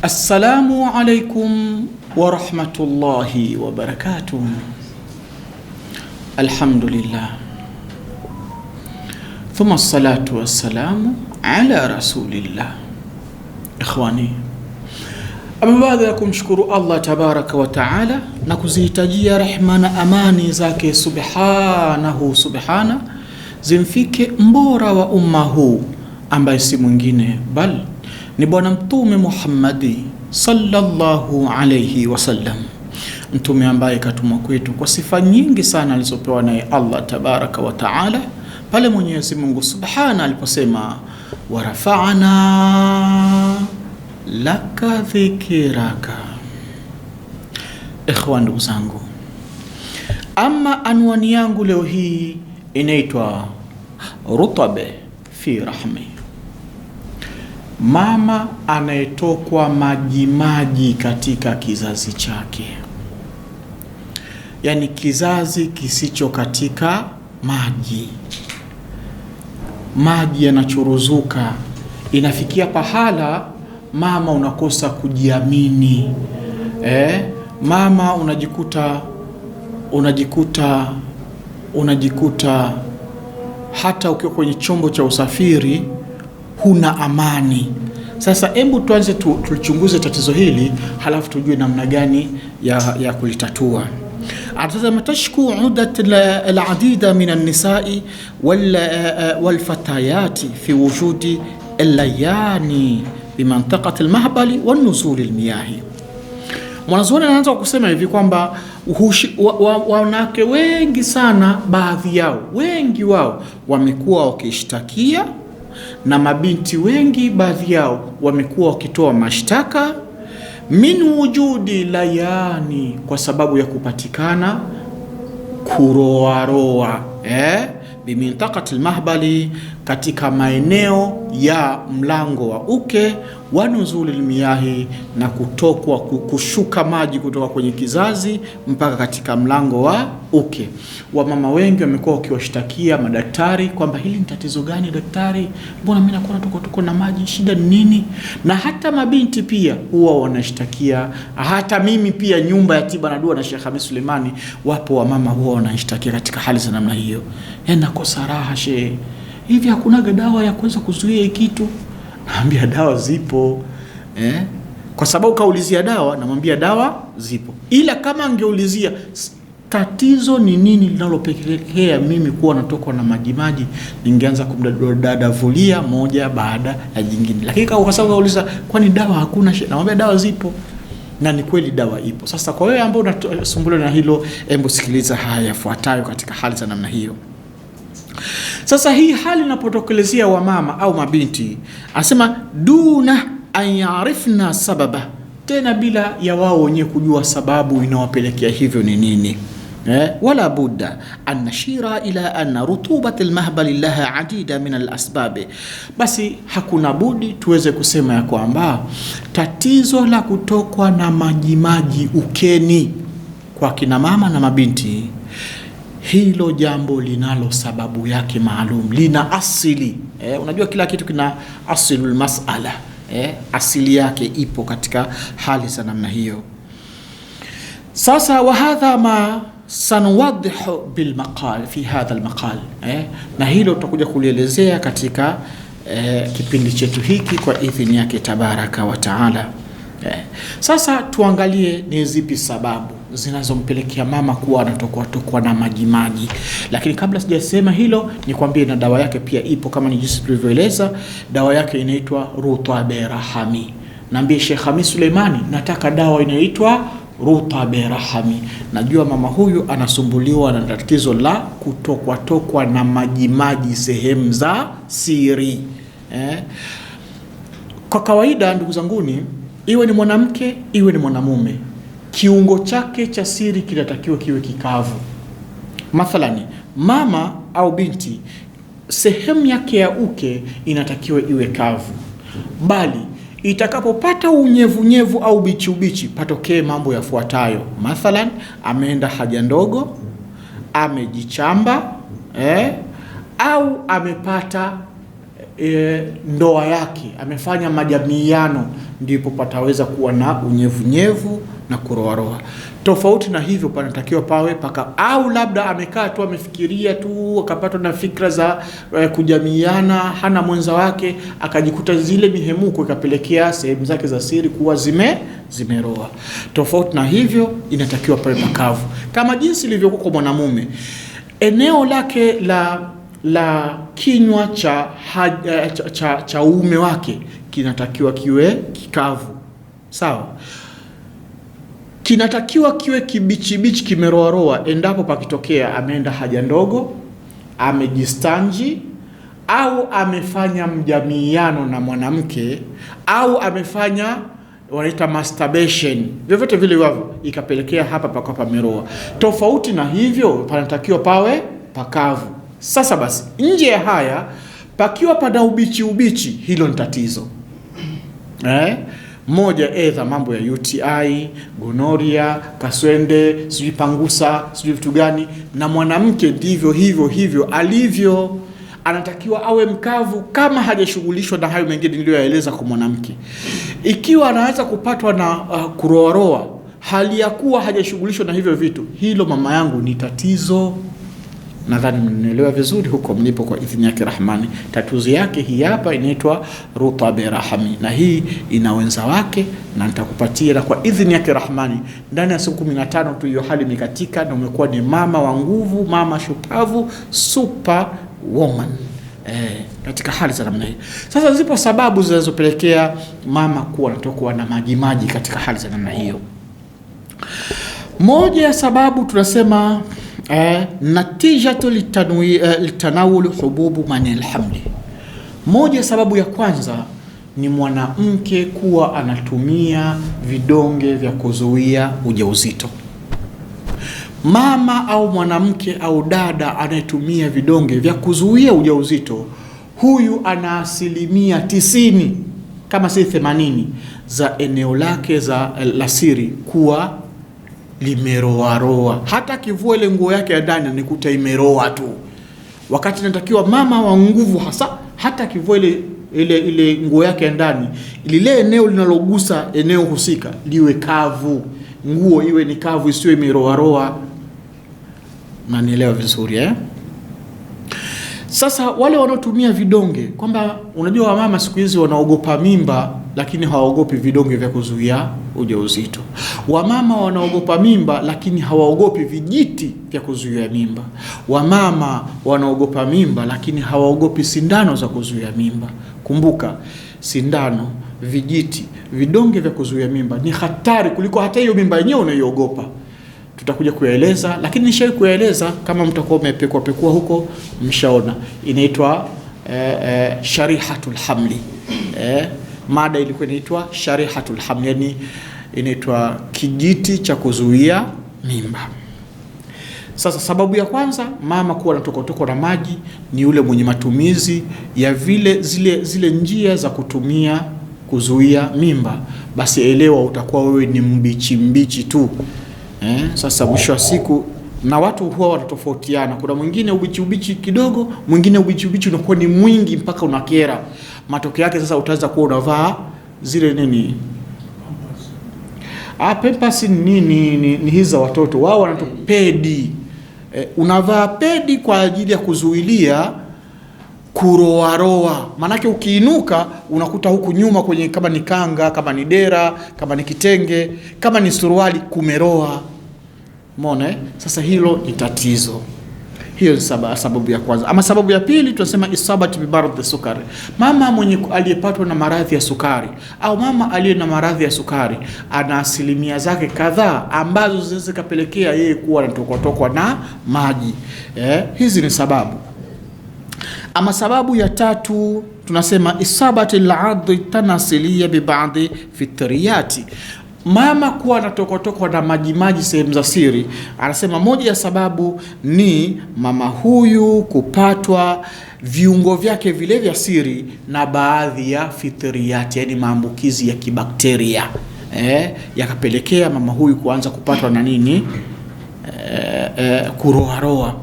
Assalamu alaikum wa rahmatullahi wa barakatuh. Alhamdulillah thumma salatu wassalamu ala rasulillah. Ikhwani, ama baada ya kumshukuru Allah tabaraka wa taala na kuzihitajia rehma na amani zake subhanahu subhana zimfike mbora wa umma huu ambaye si mwingine bali ni Bwana Mtume Muhammadi sallallahu alayhi wasallam, mtume ambaye katumwa kwetu kwa sifa nyingi sana alizopewa naye Allah tabaraka wa taala, pale Mwenyezi Mungu subhana aliposema warafa'na laka dhikiraka. Ikhwa, ndugu zangu, ama anwani yangu leo hii inaitwa rutabe fi rahmi mama anayetokwa majimaji katika kizazi chake, yaani kizazi kisicho katika maji, maji yanachuruzuka, inafikia pahala mama unakosa kujiamini eh? Mama unajikuta unajikuta unajikuta hata ukiwa kwenye chombo cha usafiri huna amani. Sasa hebu tuanze tu, tulichunguze tatizo hili halafu tujue namna gani ya, ya kulitatua. Anasema tashku udat aladida min alnisai walfatayati eh, fi wujudi allayani bimantaqati almahbali wanuzuli lmiyahi Mwanazuoni anaanza kusema hivi kwamba wanawake wengi sana, baadhi yao, wengi wao wamekuwa wakishtakia na mabinti wengi, baadhi yao wamekuwa wakitoa mashtaka min wujudi layani, kwa sababu ya kupatikana kuroaroa eh, bimintaqati lmahbali, katika maeneo ya mlango wa uke wa nuzuli lmiyahi, na kutokwa kushuka maji kutoka kwenye kizazi mpaka katika mlango wa uke. Wamama wengi wamekuwa wakiwashtakia madaktari kwamba hili ni tatizo gani daktari, mbona mimi nakuwa natokotoko na maji, shida ni nini? Na hata mabinti pia huwa wanashtakia, hata mimi pia, nyumba ya tiba na dua na Sheikh hamis Sulemani, wapo wamama huwa wanashtakia katika hali za namna hii hiyo eh, nakosa raha shehe, hivi hakunaga dawa ya kuweza kuzuia kitu? Naambia dawa zipo eh? Kwa sababu kaulizia dawa, namwambia dawa zipo, ila kama angeulizia tatizo ni nini linalopelekea mimi kuwa natokwa na majimaji, ningeanza kumdadavulia moja baada ya jingine, lakini kwa sababu kauliza kwani dawa hakuna, namwambia dawa zipo na ni kweli dawa ipo. Sasa kwa wewe ambao unasumbuliwa na hilo, hebu sikiliza haya yafuatayo katika hali za namna hiyo. Sasa hii hali inapotokelezea wamama au mabinti, anasema duna an sababa, tena bila ya wao wenyewe kujua sababu inawapelekea hivyo ni nini. Eh, wala budda an nashira ila anna rutubat almahbali laha adida min alasbabi, basi hakuna budi tuweze kusema ya kwamba tatizo la kutokwa na majimaji ukeni kwa kina mama na mabinti, hilo jambo linalo sababu yake maalum, lina asili eh, unajua kila kitu kina asilul masala eh, asili yake ipo katika hali za namna hiyo. Sasa wahadha ma sanuwadhihu bil maqal fi hadha al maqal eh, na hilo tutakuja kulielezea katika eh, kipindi chetu hiki kwa idhini yake tabaraka wa taala. Eh, sasa tuangalie ni zipi sababu zinazompelekea mama kuwa anatokwa tokwa na maji maji, lakini kabla sijasema hilo, nikwambie na dawa yake pia ipo, kama ni jinsi tulivyoeleza. Dawa yake inaitwa rutaberahami. Naambie Sheikh Hamis Suleimani, nataka dawa inayoitwa Ruta berahami, najua mama huyu anasumbuliwa na tatizo la kutokwatokwa na majimaji sehemu za siri eh. Kwa kawaida ndugu zanguni, iwe ni mwanamke iwe ni mwanamume, kiungo chake cha siri kinatakiwa kiwe kikavu. Mathalani mama au binti, sehemu yake ya uke inatakiwa iwe kavu, bali itakapopata unyevunyevu au bichi ubichi, patokee mambo yafuatayo. Mathalan, ameenda haja ndogo, amejichamba eh, au amepata e, ndoa yake, amefanya majamiiano, ndipo pataweza kuwa na unyevunyevu na kuroaroa. Tofauti na hivyo, panatakiwa pawe paka, au labda amekaa tu amefikiria tu akapatwa na fikra za e, eh, kujamiiana, hana mwenza wake, akajikuta zile mihemuko ikapelekea sehemu zake za siri kuwa zime zimeroa. Tofauti na hivyo, inatakiwa pawe pakavu kama jinsi ilivyokuwa kwa mwanamume eneo lake la la kinywa cha, eh, cha, cha, cha uume wake kinatakiwa kiwe kikavu, sawa. Kinatakiwa kiwe kibichibichi, kimeroaroa, endapo pakitokea ameenda haja ndogo, amejistanji au amefanya mjamiiano na mwanamke au amefanya wanaita masturbation, vyovyote vile wavyo, ikapelekea hapa pakawa pameroa. Tofauti na hivyo, panatakiwa pawe pakavu. Sasa basi, nje ya haya pakiwa pana ubichi ubichi, hilo ni tatizo eh? Moja, edha mambo ya UTI, gonoria, kaswende, sijui pangusa, sijui vitu gani. Na mwanamke ndivyo hivyo hivyo alivyo, anatakiwa awe mkavu kama hajashughulishwa na hayo mengine niliyoyaeleza kwa mwanamke. Ikiwa anaweza kupatwa na uh, kuroaroa hali ya kuwa hajashughulishwa na hivyo vitu, hilo mama yangu ni tatizo. Nadhani mnielewa vizuri huko mlipo kwa idhini yake Rahmani. Tatuzi yake hii hapa inaitwa Rutabe Rahami, na hii ina wenza wake, na nitakupatia na kwa idhini yake Rahmani ndani ya siku 15 tu hiyo hali imekatika, na umekuwa ni mama wa nguvu, mama shupavu, super woman. Eh, katika hali za namna hii sasa, zipo sababu zinazopelekea mama kuwa anatokwa na majimaji katika hali za namna hiyo. Moja ya sababu tunasema Eh, natijatu eh, litanawuli hububu manil hamli. Moja, sababu ya kwanza ni mwanamke kuwa anatumia vidonge vya kuzuia ujauzito. Mama au mwanamke au dada anayetumia vidonge vya kuzuia ujauzito, huyu ana asilimia tisini kama si themanini za eneo lake za eh, la siri kuwa limeroaroa. Hata kivua ile nguo yake ya ndani anikuta imeroa tu, wakati natakiwa mama wa nguvu hasa, hata kivua ile ile ile nguo yake ya ndani, lile eneo linalogusa eneo husika liwe kavu, nguo iwe ni kavu, isiyo imeroaroa. Nanielewa vizuri eh? Sasa wale wanaotumia vidonge kwamba unajua wamama siku hizi wanaogopa mimba lakini hawaogopi vidonge vya kuzuia ujauzito. Wamama wanaogopa mimba, lakini hawaogopi vijiti vya kuzuia mimba. Wamama wanaogopa mimba, lakini hawaogopi sindano za kuzuia mimba. Kumbuka, sindano, vijiti, vidonge vya kuzuia mimba ni hatari kuliko hata hiyo mimba yenyewe unayoogopa. Tutakuja kuyaeleza, lakini nishawahi kuyaeleza, kama mtakuwa umepekua pekua huko mshaona, inaitwa eh, eh, sharihatul hamli eh, Mada ilikuwa inaitwa Sharihatul hamli, yani inaitwa kijiti cha kuzuia mimba. Sasa sababu ya kwanza mama kuwa anatokotokwa na maji ni yule mwenye matumizi ya vile zile, zile njia za kutumia kuzuia mimba, basi elewa utakuwa wewe ni mbichi mbichi tu eh. Sasa mwisho wa siku na watu huwa wanatofautiana. Kuna mwingine ubichi ubichi kidogo, mwingine ubichi ubichi unakuwa ni mwingi mpaka unakera matokeo yake sasa utaweza kuwa unavaa zile nini ah, ni, ni, ni, ni hizi za watoto wao wanatupedi eh, unavaa pedi kwa ajili ya kuzuilia kuroaroa maanake, ukiinuka unakuta huku nyuma kwenye, kama ni kanga, kama ni dera, kama ni kitenge, kama ni suruali, kumeroa. Umeona, eh? sasa hilo ni tatizo. Hiyo ni sababu ya kwanza. Ama sababu ya pili tunasema isabati bi maradhi sukari, mama mwenye aliyepatwa na maradhi ya sukari au mama aliye na maradhi ya sukari ana asilimia zake kadhaa ambazo zinaweza kapelekea yeye kuwa anatokotokwa na maji eh. Hizi ni sababu. Ama sababu ya tatu tunasema isabati ladhi tanasilia bibadhi fitriyati mama kuwa anatokotokwa na majimaji sehemu za siri, anasema moja ya sababu ni mama huyu kupatwa viungo vyake vile vya siri na baadhi ya fitriati, yaani maambukizi ya kibakteria eh, yakapelekea mama huyu kuanza kupatwa na nini eh, eh, kuroharoha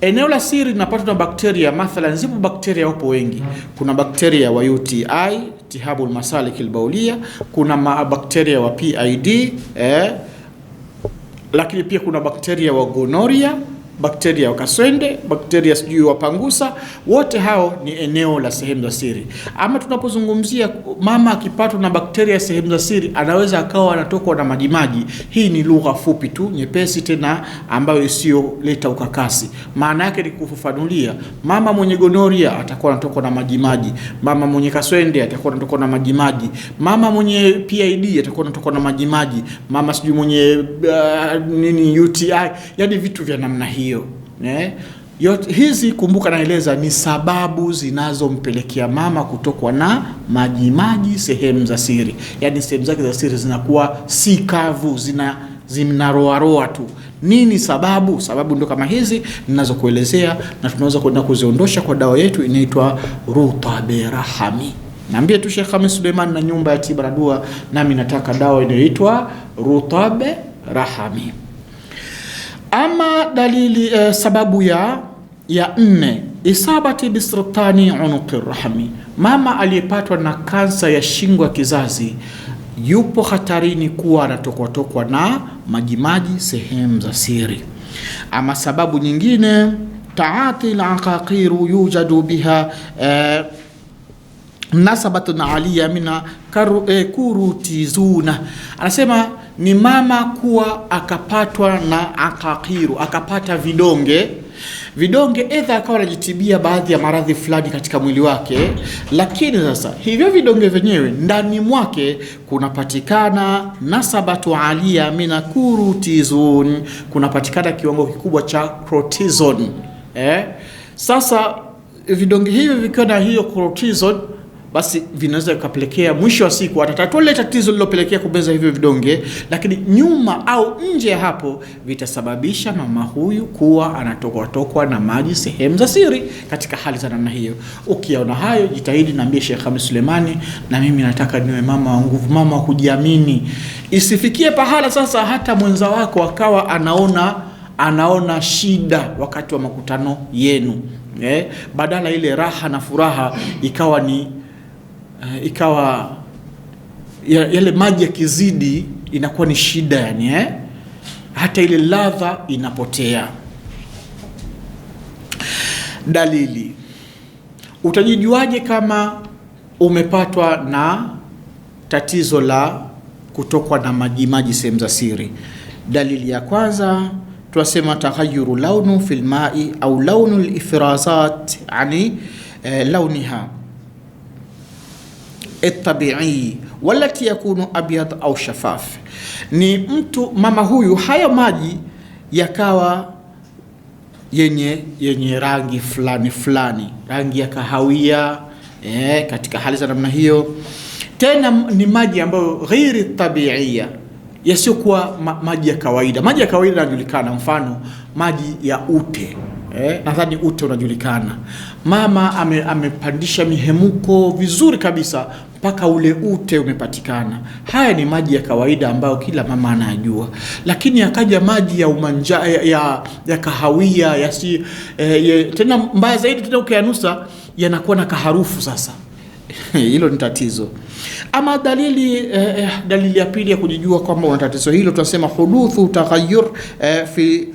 eneo la siri linapatwa na bakteria. Mathalan, zipo bakteria wapo wengi, kuna bakteria wa UTI istihabul masalik albaulia, kuna mabakteria wa PID eh, lakini pia kuna bakteria wa gonoria bakteria wa kaswende, bakteria sijui wapangusa, wote hao ni eneo la sehemu za siri. Ama tunapozungumzia mama akipatwa na bakteria sehemu za siri, anaweza akawa anatokwa na majimaji. Hii ni lugha fupi tu nyepesi tena ambayo isiyoleta ukakasi. Maana yake ni kufafanulia, mama mwenye gonoria atakuwa anatokwa na majimaji, mama mwenye kaswende atakuwa anatokwa na majimaji, mama mwenye PID atakuwa anatokwa na majimaji, mama sijui mwenye uh, nini UTI, yani vitu vya namna hii hiyo ne? Yot, hizi kumbuka, naeleza ni sababu zinazompelekea mama kutokwa na majimaji sehemu za siri, yaani sehemu zake za siri zinakuwa si kavu, zina zinaroaroa tu. Nini sababu? Sababu ndo kama hizi ninazokuelezea, na tunaweza kwenda kuziondosha kwa dawa yetu inaitwa Rutaberahami. Naambie tu Sheikh hamis Suleiman na nyumba ya tiba na dua, nami nataka dawa inayoitwa rutabe rahami ama dalili eh, sababu ya ya nne, isabati bisirtani unuqi rahmi, mama aliyepatwa na kansa ya shingo ya kizazi yupo hatarini kuwa anatokwatokwa na majimaji sehemu za siri. Ama sababu nyingine, taati laqaqiru yujadu biha eh, nasabatun aliya mina eh, kurutizuna, anasema ni mama kuwa akapatwa na akakiru, akapata vidonge vidonge, edha akawa anajitibia baadhi ya maradhi fulani katika mwili wake, lakini sasa hivyo vidonge vyenyewe ndani mwake kunapatikana nasabatu alia mina kurutizun, kunapatikana kiwango kikubwa cha cortisone eh. Sasa vidonge hivi vikiwa na hiyo cortisone basi vinaweza vikapelekea mwisho wa siku atatatua lile tatizo lilopelekea kubeza hivyo vidonge, lakini nyuma au nje ya hapo vitasababisha mama huyu kuwa anatokwatokwa na maji sehemu za siri katika hali za namna hiyo. Ukiona hayo, jitahidi naambie Sheikh Hamis Sulemani, na mimi nataka niwe mama wa nguvu, mama wa kujiamini. Isifikie pahala sasa hata mwenza wako akawa anaona anaona shida wakati wa makutano yenu eh, badala ile raha na furaha ikawa ni uh, ikawa yale maji yakizidi inakuwa ni shida yani, eh? hata ile ladha inapotea. Dalili, utajijuaje kama umepatwa na tatizo la kutokwa na maji maji sehemu za siri? Dalili ya kwanza tunasema taghayuru launu fil mai au launu lifirazat ani eh, launiha tabii walati yakunu abyad au shafaf, ni mtu mama huyu, haya maji yakawa yenye yenye rangi fulani fulani, rangi ya kahawia eh, katika hali za namna hiyo. Tena ni maji ambayo ghairi tabiia, yasiyokuwa ma, maji ya kawaida. Maji ya kawaida yanajulikana, mfano maji ya ute Eh, nadhani ute unajulikana. Mama ame, amepandisha mihemuko vizuri kabisa, mpaka ule ute umepatikana. Haya ni maji ya kawaida ambayo kila mama anajua, lakini akaja maji ya umanja, ya, ya, ya kahawia ya si, eh, ya, tena mbaya zaidi, tena ukianusa yanakuwa na kaharufu sasa hilo ni tatizo. Ama dalili eh, eh, dalili ya pili ya kujijua kwamba una tatizo hilo tunasema huduthu taghayyur eh, fi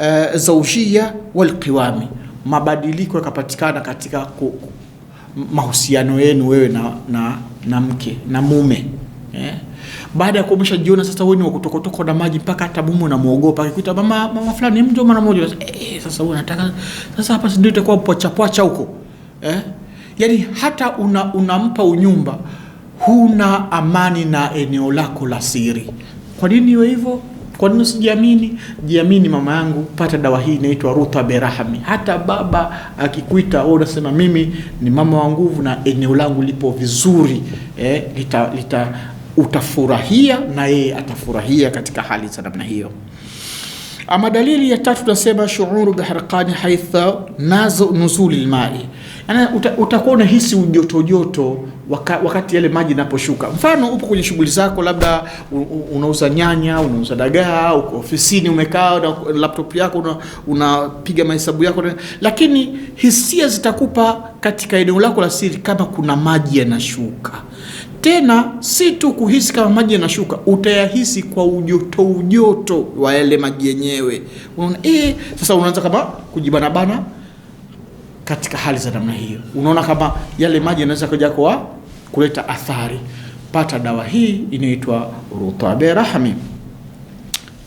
eh, zaujia walqiwami, mabadiliko yakapatikana katika mahusiano yenu wewe na, na, na mke na mume eh? Baada ya kuomesha jiona sasa wewe ni wa na maji mpaka hata mume unamwogopa, akikuita mama mama fulani mjo mara moja eh, sasa wewe unataka sasa hapa ndio itakuwa pocha pocha huko eh? Yaani hata una, unampa unyumba, huna amani na eneo lako la siri. Kwa nini iwe hivyo? Kwa nini usijiamini? Jiamini mama yangu, pata dawa hii inaitwa Ruta Berahami. Hata baba akikuita wewe unasema mimi ni mama wa nguvu na eneo langu lipo vizuri eh, lita, lita utafurahia na yeye atafurahia katika hali za namna hiyo. Ama dalili ya tatu tunasema shuuru biharqani haitha nazo nuzuli lmai ana uta, utakuwa unahisi ujoto joto waka, wakati yale maji naposhuka Mfano upo kwenye shughuli zako, labda unauza nyanya, unauza dagaa, uko ofisini umekaa na laptop yako unapiga una mahesabu yako, lakini hisia zitakupa katika eneo lako la siri kama kuna maji yanashuka. Tena si tu kuhisi kama maji yanashuka, utayahisi kwa ujoto ujoto wa yale maji yenyewe. Unaona eh, sasa unaanza kama kujibanabana katika hali za namna hiyo, unaona kama yale maji yanaweza kuja kwa kuleta athari, pata dawa hii inaitwa rutabe rahmi.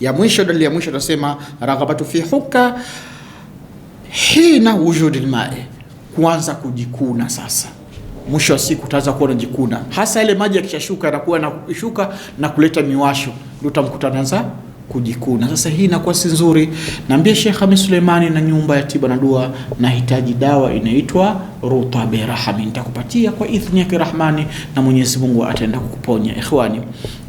Ya mwisho, dalili ya mwisho tunasema raghabatu fi huka hina wujudi mae, kuanza kujikuna sasa mwisho wa siku utaanza kuwa jikuna, hasa yale maji yakishashuka yanakuwa yanashuka na kuleta miwasho, ndio utamkuta anaanza kujikuna. Sasa hii inakuwa si nzuri. Naambia Sheikh Hamis Suleimani na nyumba ya tiba na dua, nahitaji dawa inaitwa Rutabe Rahmi, nitakupatia kwa idhni yake Rahmani, na Mwenyezi Mungu ataenda kukuponya. Ikhwani,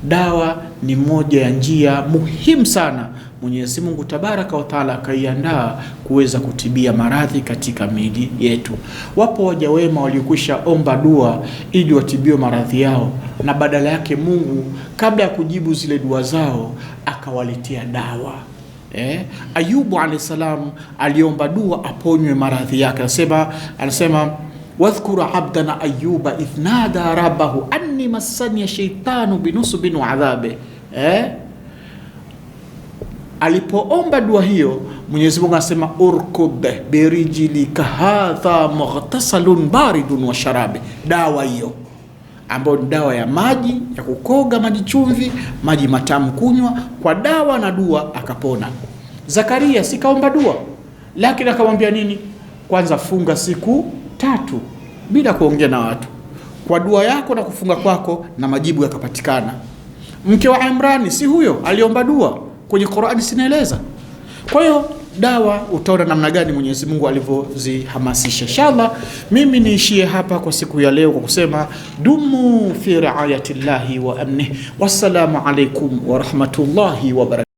dawa ni moja ya njia muhimu sana Mwenyezi Mungu Tabaraka wa Taala akaiandaa kuweza kutibia maradhi katika miili yetu. Wapo waja wema waliokwisha omba dua ili watibiwe maradhi yao, na badala yake Mungu kabla ya kujibu zile dua zao akawaletea dawa. Eh, Ayubu alayhi salam aliomba dua aponywe maradhi yake, anasema anasema wadhkura abdana ayuba idh nada rabbahu anni massani shaitanu binusubin wa adhabe eh Alipoomba dua hiyo, Mwenyezi Mungu anasema urkud birijlika hadha mughtasalun baridun wa sharabi, dawa hiyo ambayo ni dawa ya maji ya kukoga, maji chumvi, maji matamu kunywa, kwa dawa na dua akapona. Zakaria sikaomba dua, lakini akamwambia nini? Kwanza funga siku tatu bila kuongea na watu, kwa dua yako na kufunga kwako, na majibu yakapatikana. Mke wa Imrani si huyo aliomba dua kwenye Qur'ani zinaeleza. Kwa hiyo dawa utaona namna gani Mwenyezi Mungu alivyozihamasisha. Inshallah, mimi niishie hapa kwa siku ya leo kwa kusema dumu fi riayatillahi wa amnih. Wassalamu alaikum wa rahmatullahi wa barakatuh.